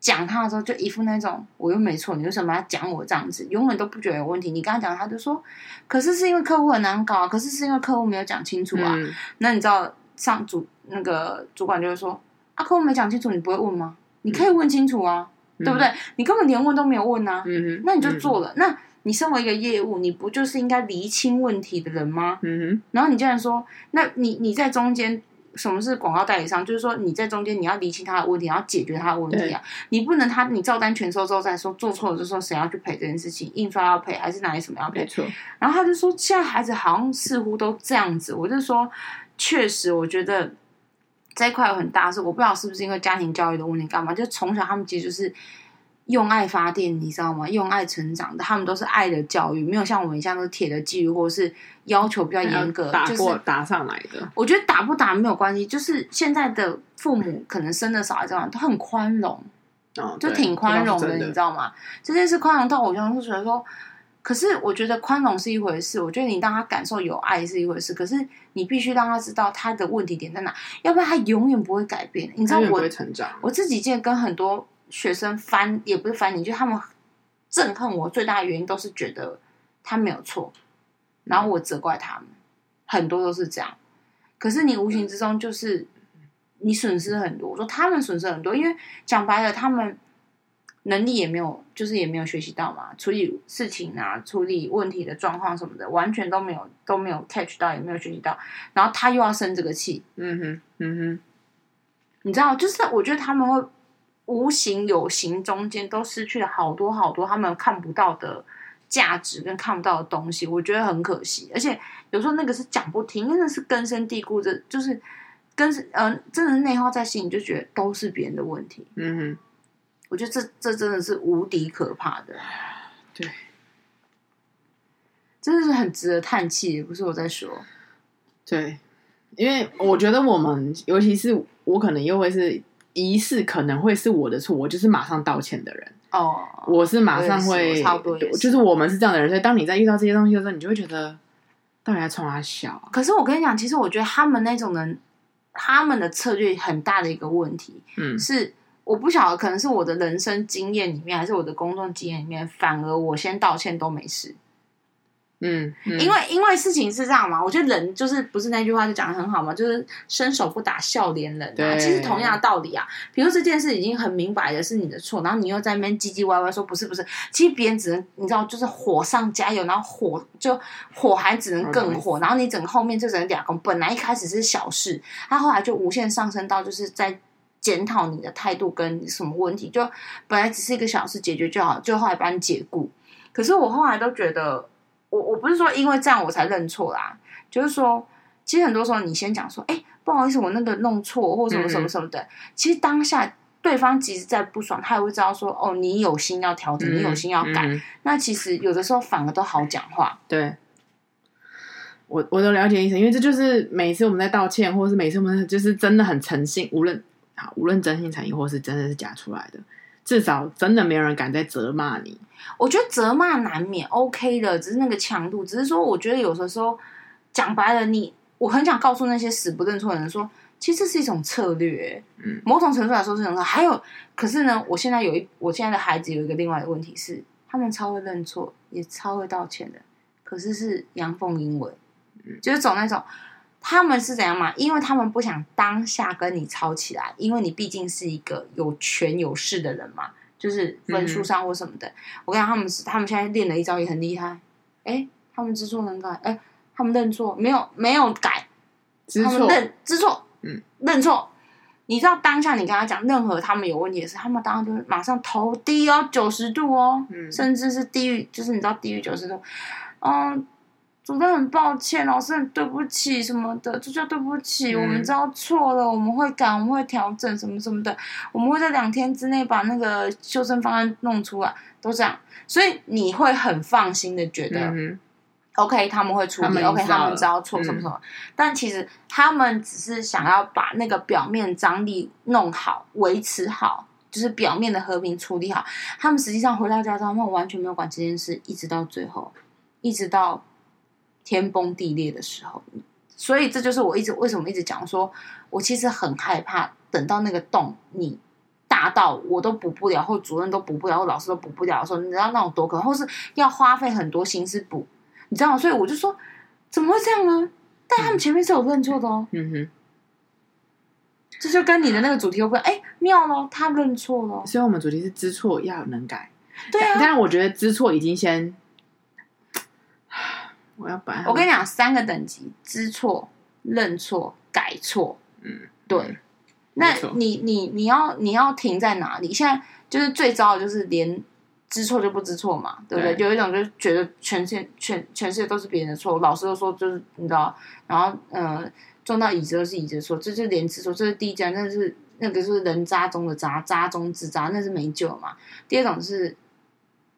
講他的時候就一副那種我又沒錯，你為什麼要講我這樣子，永遠都不覺得有問題。你剛剛講，他就說：“可是是因為客戶很難搞、啊，可是是因為客戶沒有講清楚啊。嗯”那你知道上主那個主管就會說：“阿、啊、客戶沒講清楚，你不會問嗎？你可以問清楚啊，嗯、對不對？嗯、你根本連問都沒有問吶、啊，嗯嗯、那你就做了。嗯、那你身為一個業務，你不就是應該理清問題的人嗎？嗯嗯、然後你竟然說，那你你在中間。什麼是廣告代理商？就是說你在中間，你要理清他的問題，要解決他的問題啊！你不能他你照單全收之後再說，做錯了就說誰要去賠這件事情，印刷要賠還是哪裡什麼要賠？沒錯。然後他就說，現在孩子好像似乎都這樣子，我就說，確實我覺得這一塊有很大的事，我不知道是不是因為家庭教育的問題，幹嘛？就從小他們其實就是。用愛發電，你知道嗎？用愛成長，的，他們都是愛的教育，沒有像我們一樣都是鐵的紀律或者是要求比較嚴格，嗯、打過、就是、打上來的。我覺得打不打沒有關係，就是現在的父母、嗯、可能生的少，這樣都很寬容，哦、就挺寬容的，的你知道嗎？這件事寬容到我常常覺得說，可是我覺得寬容是一回事，我覺得你讓他感受有愛是一回事，可是你必須讓他知道他的問題點在哪，要不然他永遠不會改變。你知道我我自己現在跟很多。學生翻也不是翻你，就他們憎恨我最大的原因都是覺得他沒有錯，然後我責怪他們，很多都是這樣。可是你無形之中就是你損失很多。我說他們損失很多，因為講白了，他們能力也沒有，就是也沒有學習到嘛，處理事情啊，處理問題的狀況什麼的，完全都沒有都沒有 catch 到，也沒有學習到。然後他又要生這個氣，嗯哼，嗯哼，你知道，就是我覺得他們會。無形有形中間都失去了好多好多他們看不到的價值跟看不到的東西，我覺得很可惜。而且有時候那個是講不聽，真的是根深蒂固的，就是跟嗯、呃，真的內化在心裡，就覺得都是別人的問題。嗯哼，我覺得這這真的是無敵可怕的，對，真的是很值得嘆氣。不是我在說，對，因為我覺得我們，尤其是我，可能又會是。疑似可能會是我的錯，我就是馬上道歉的人。哦，oh, 我是馬上會，差不多是就是我們是這樣的人。所以當你在遇到這些東西的時候，你就會覺得，到底要衝他、啊、笑啊？可是我跟你講，其實我覺得他們那種人，他們的策略很大的一個問題，嗯，是我不曉得，可能是我的人生經驗裡面，還是我的工作經驗裡面，反而我先道歉都沒事。嗯，嗯，因為因為事情是這樣嘛，我覺得人就是不是那句話就講得很好嘛，就是伸手不打笑臉人啊。對其實同樣的道理啊，比如這件事已經很明白的是你的錯，然後你又在那邊唧唧歪歪說不是不是，其實別人只能你知道就是火上加油，然後火就火還只能更火，嗯、然後你整個後面就只能啞火。本來一開始是小事，他後來就無限上升到就是在檢討你的態度跟什麼問題，就本來只是一個小事解決就好，就後來把你解僱。可是我後來都覺得。我我不是說因為這樣我才認錯啦，就是說，其實很多時候你先講說，哎、欸，不好意思，我那個弄錯或什麼什麼什麼的，嗯嗯其實當下對方即使再不爽，他也會知道說，哦，你有心要調整，嗯嗯你有心要改，嗯、那其實有的時候反而都好講話。對，我我都了解意思，因為這就是每次我們在道歉，或者是每次我們就是真的很誠信，無論啊，無論真心誠意，或是真的是假出來的。至少真的沒有人敢再責罵你。我覺得責罵難免，OK 的，只是那個強度，只是說，我覺得有的時候講白了你，你我很想告訴那些死不認錯的人說，其實這是一種策略。嗯，某種程度來說是這種。嗯、還有，可是呢，我現在有一，我現在的孩子有一個另外的問題是，他們超會認錯，也超會道歉的，可是是陽奉陰違，嗯、就是走那種。他們是怎樣嘛？因為他們不想當下跟你吵起來，因為你畢竟是一個有權有勢的人嘛，就是分數上或什麼的。嗯、哼我跟你講，他們是他們現在練了一招也很厲害。哎，他們知錯能改，哎，他們認錯，沒有沒有改，知錯他們認知錯，嗯，認錯。你知道當下你跟他講任何他們有問題的事，他們當下就會馬上頭低哦九十度哦，嗯、甚至是低於，就是你知道低於九十度，嗯。總是很抱歉，老師很對不起什麼的，這叫對不起。嗯、我們知道錯了，我們會改，我們會調整什麼什麼的。我們會在兩天之內把那個修正方案弄出來，都這樣。所以你會很放心的覺得、嗯、哼，OK，他們會處理，OK，他們知道錯什麼什麼。嗯、但其實他們只是想要把那個表面張力弄好，維持好，就是表面的和平處理好。他們實際上回到家之後，他們完全沒有管這件事，一直到最後，一直到。天崩地裂的時候，所以這就是我一直為什麼一直講說，我其實很害怕等到那個洞你大到我都補不了，或主任都補不了，或老師都補不了的時候，你知道那種多可怕，或是要花費很多心思補，你知道嗎？所以我就說，怎麼會這樣呢？但他們前面是有認錯的哦、喔嗯，嗯哼，這就跟你的那個主題有關，哎、欸，妙嘍，他認錯了，所以我們主題是知錯要能改，對啊但，但我覺得知錯已經先。我要把，我跟你講，三個等級：知錯、認錯、改錯。嗯，對。沒錯。那你你你要你要停在哪裡？現在就是最糟的就是連知錯就不知錯嘛，對不對？對。有一種就是覺得全世全全全世界都是別人的錯，老師都說就是你知道，然後嗯呃撞到椅子都是椅子的錯，這是連知錯，這是第一種，那個就是那個是人渣中的渣，渣中之渣，那是沒救嘛。第二種是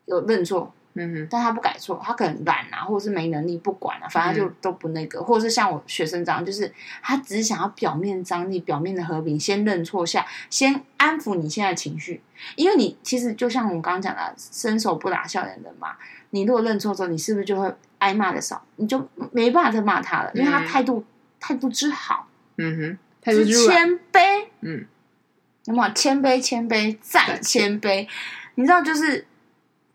有認錯。嗯哼，但他不改錯，他可能懶啊，或者是沒能力，不管了、啊，反正他就都不那個，嗯、或者是像我學生這樣，就是他只是想要表面張力、表面的和平，先認錯下，先安撫你現在的情緒，因為你其實就像我剛剛講的，伸手不打笑臉人嘛。你如果認錯之後你是不是就會挨罵的少？你就沒辦法再罵他了，嗯、因為他態度態度之好，嗯哼，態度之謙卑，嗯，那麼謙卑、嗯、謙卑謙卑再謙卑，嗯、你知道就是。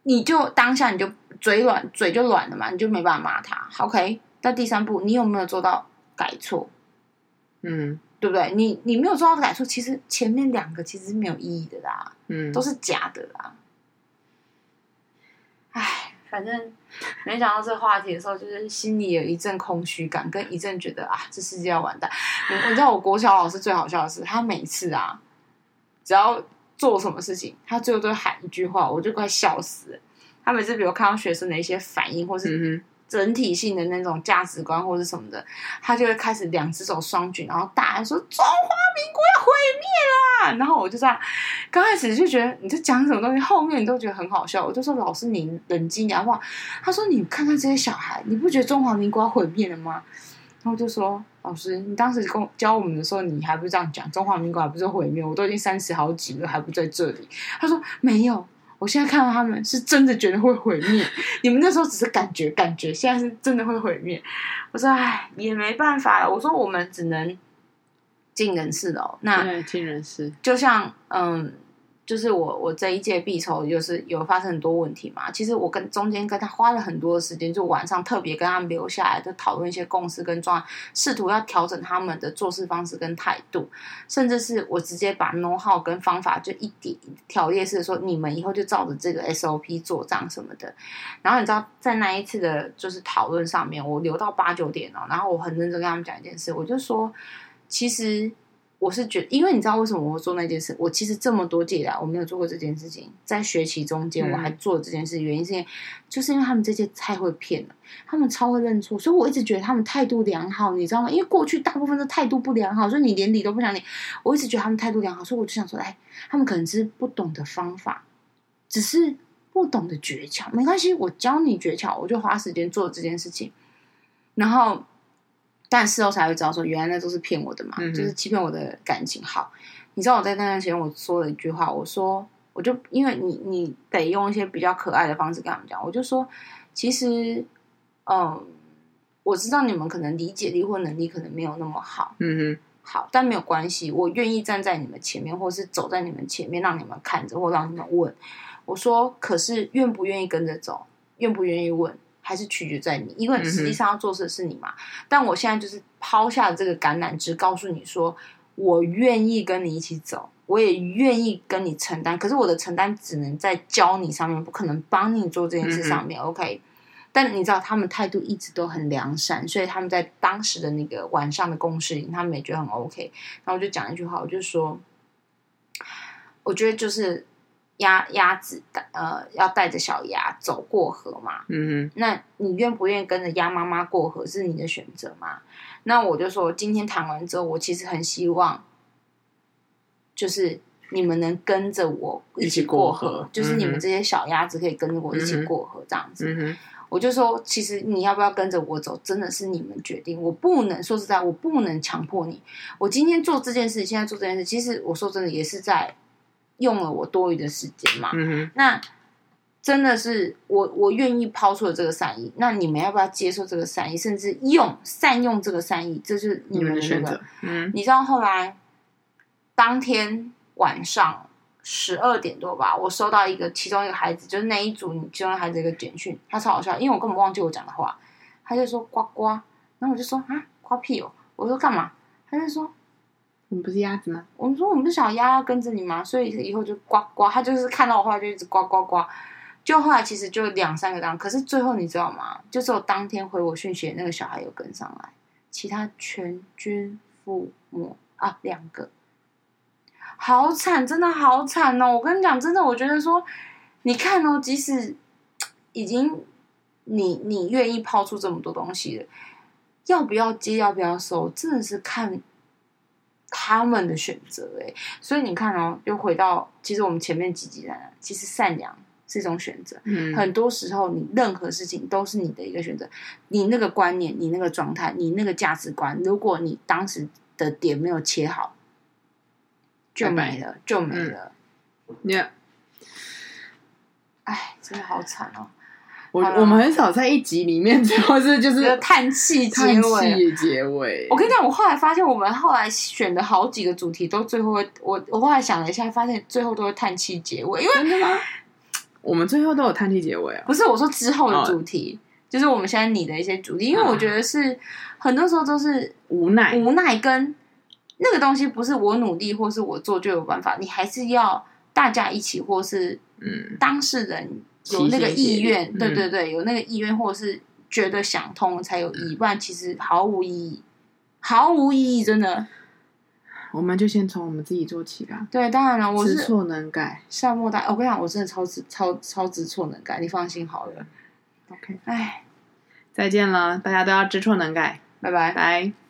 你就當下你就嘴軟嘴就軟了嘛，你就沒辦法罵他。OK，那第三步你有沒有做到改錯？嗯，對不對？你你沒有做到改錯，其實前面兩個其實是沒有意義的啦，嗯，都是假的啦。唉，反正沒想到這個話題的時候，就是心裡有一陣空虛感，跟一陣覺得啊，這世界要完蛋。你你知道，我國小老師最好笑的是，他每次啊，只要。做什麼事情，他最後都會喊一句話，我就快笑死了。他每次比如看到學生的一些反應，或是整體性的那種價值觀或是什麼的，他就會開始兩隻手雙舉，然後大喊說：“中華民國要毀滅了！”然後我就這樣，剛開始就覺得你在講什麼東西，後面你都覺得很好笑。我就說：“老師，你冷靜點的話。”他說：“你看看這些小孩，你不覺得中華民國要毀滅了嗎？”然後就說：“老師，你當時教我們的時候，你還不是這樣講？中華民國還不是毀滅？我都已經三十好幾了，還不在這裡。”他說：“沒有，我現在看到他們是真的覺得會毀滅。 <laughs> 你們那時候只是感覺，感覺現在是真的會毀滅。”我說：“唉，也沒辦法了。”我說：“我們只能盡人事了喔。那盡人事，就像嗯。就是我我這一屆必籌，就是有發生很多問題嘛。其實我跟中間跟他花了很多的時間，就晚上特別跟他們留下來，就討論一些共識跟狀態，試圖要調整他們的做事方式跟態度，甚至是我直接把 know how 跟方法就一點條列式的說，你們以後就照着這個 SOP 做賬什麼的。然後你知道，在那一次的就是討論上面，我留到八九點哦、喔，然後我很認真跟他們講一件事，我就說，其實。我是覺得，因為你知道為什麼我會做那件事？我其實這麼多季以來我沒有做過這件事情。在學期中間，我還做這件事，嗯、原因是因就是因為他們這些太會騙了，他們超會認錯，所以我一直覺得他們態度良好，你知道嗎？因為過去大部分都態度不良好，所以你連理都不想理。我一直覺得他們態度良好，所以我就想說，哎，他們可能是不懂的方法，只是不懂得訣竅，沒關係，我教你訣竅，我就花時間做這件事情，然後。但事後才會知道，說原來那都是騙我的嘛，嗯、哼就是欺騙我的感情。好，你知道我在那段時間我說了一句話，我說我就因為你，你得用一些比較可愛的方式跟他們講，我就說其實，嗯，我知道你們可能理解力或能力可能沒有那麼好，嗯哼，好，但沒有關係，我願意站在你們前面，或是走在你們前面，讓你們看着或讓你們問。我說，可是願不願意跟着走？願不願意問？還是取決在你，因為實際上要做事的是你嘛。嗯、哼但我現在就是拋下了這個橄欖枝，告訴你說，我願意跟你一起走，我也願意跟你承擔。可是我的承擔只能在教你上面，不可能幫你做這件事上面。嗯、哼 OK？但你知道，他們態度一直都很良善，所以他們在當時的那個晚上的共識裡，他們也覺得很 OK。然後我就講一句話，我就說，我覺得就是。鴨鴨子，呃，要帶着小鴨走過河嘛？嗯哼，那你願不願意跟着鴨媽媽過河是你的選擇嘛？那我就說，今天談完之後，我其實很希望，就是你們能跟着我一起過河，過河就是你們這些小鴨子可以跟着我一起過河這樣子。嗯嗯、我就說，其實你要不要跟着我走，真的是你們決定，我不能，說實在，我不能強迫你。我今天做這件事，現在做這件事，其實我說真的也是在。用了我多餘的時間嘛？嗯、哼那真的是我，我願意拋出了這個善意。那你們要不要接受這個善意，甚至用善用這個善意？這是你們的、這個、你們的選擇。嗯，你知道後來當天晚上十二點多吧，我收到一個其中一個孩子，就是那一組，其中的孩子一個簡訊，他超好笑，因為我根本忘記我講的話，他就說呱呱，然後我就說啊呱屁哦，我說幹嘛？他就說。你不是鴨子嗎？我們說我們是小鴨，要跟着你嘛，所以以後就呱呱。他就是看到我後來就一直呱呱呱。就後來其實就兩三個這樣，可是最後你知道嗎？就只有當天回我訊息的那個小孩有跟上來，其他全軍覆沒啊，兩個，好慘，真的好慘哦！我跟你講，真的，我覺得說，你看哦，即使已經你你願意拋出這麼多東西了，要不要接，要不要收，真的是看。他們的選擇、欸，誒所以你看哦，又回到其實我們前面幾集在講，其實善良是一種選擇。嗯，很多時候你任何事情都是你的一個選擇，你那個觀念，你那個狀態，你那個價值觀，如果你當時的點沒有切好，就沒了，就沒了。嗯、y、yeah. 哎，真的好慘哦。我我們很少在一集裡面最後是就是， <laughs> 是嘆氣結尾，結尾。我跟你講，我後來發現，我們後來選的好幾個主題都最後我我後來想了一下，發現最後都會嘆氣結尾，因為 <laughs> <coughs> 我們最後都有嘆氣結尾啊、喔？不是，我說之後的主題，oh. 就是我們現在你的一些主題，因為我覺得是很多時候都是、oh. 無奈，無奈跟那個東西不是我努力或是我做就有辦法，你還是要大家一起，或是嗯當事人。有那個意願，對對對，嗯、有那個意願，或者是覺得想通才有意義。不然、嗯、其實毫無意義，毫無意義，真的。我們就先從我們自己做起吧。對，當然了，我是知錯能改，善莫大焉。我、哦、跟你講，我真的超知、超超知錯能改，你放心好了。OK，哎，再見了，大家都要知錯能改，拜拜拜。拜拜。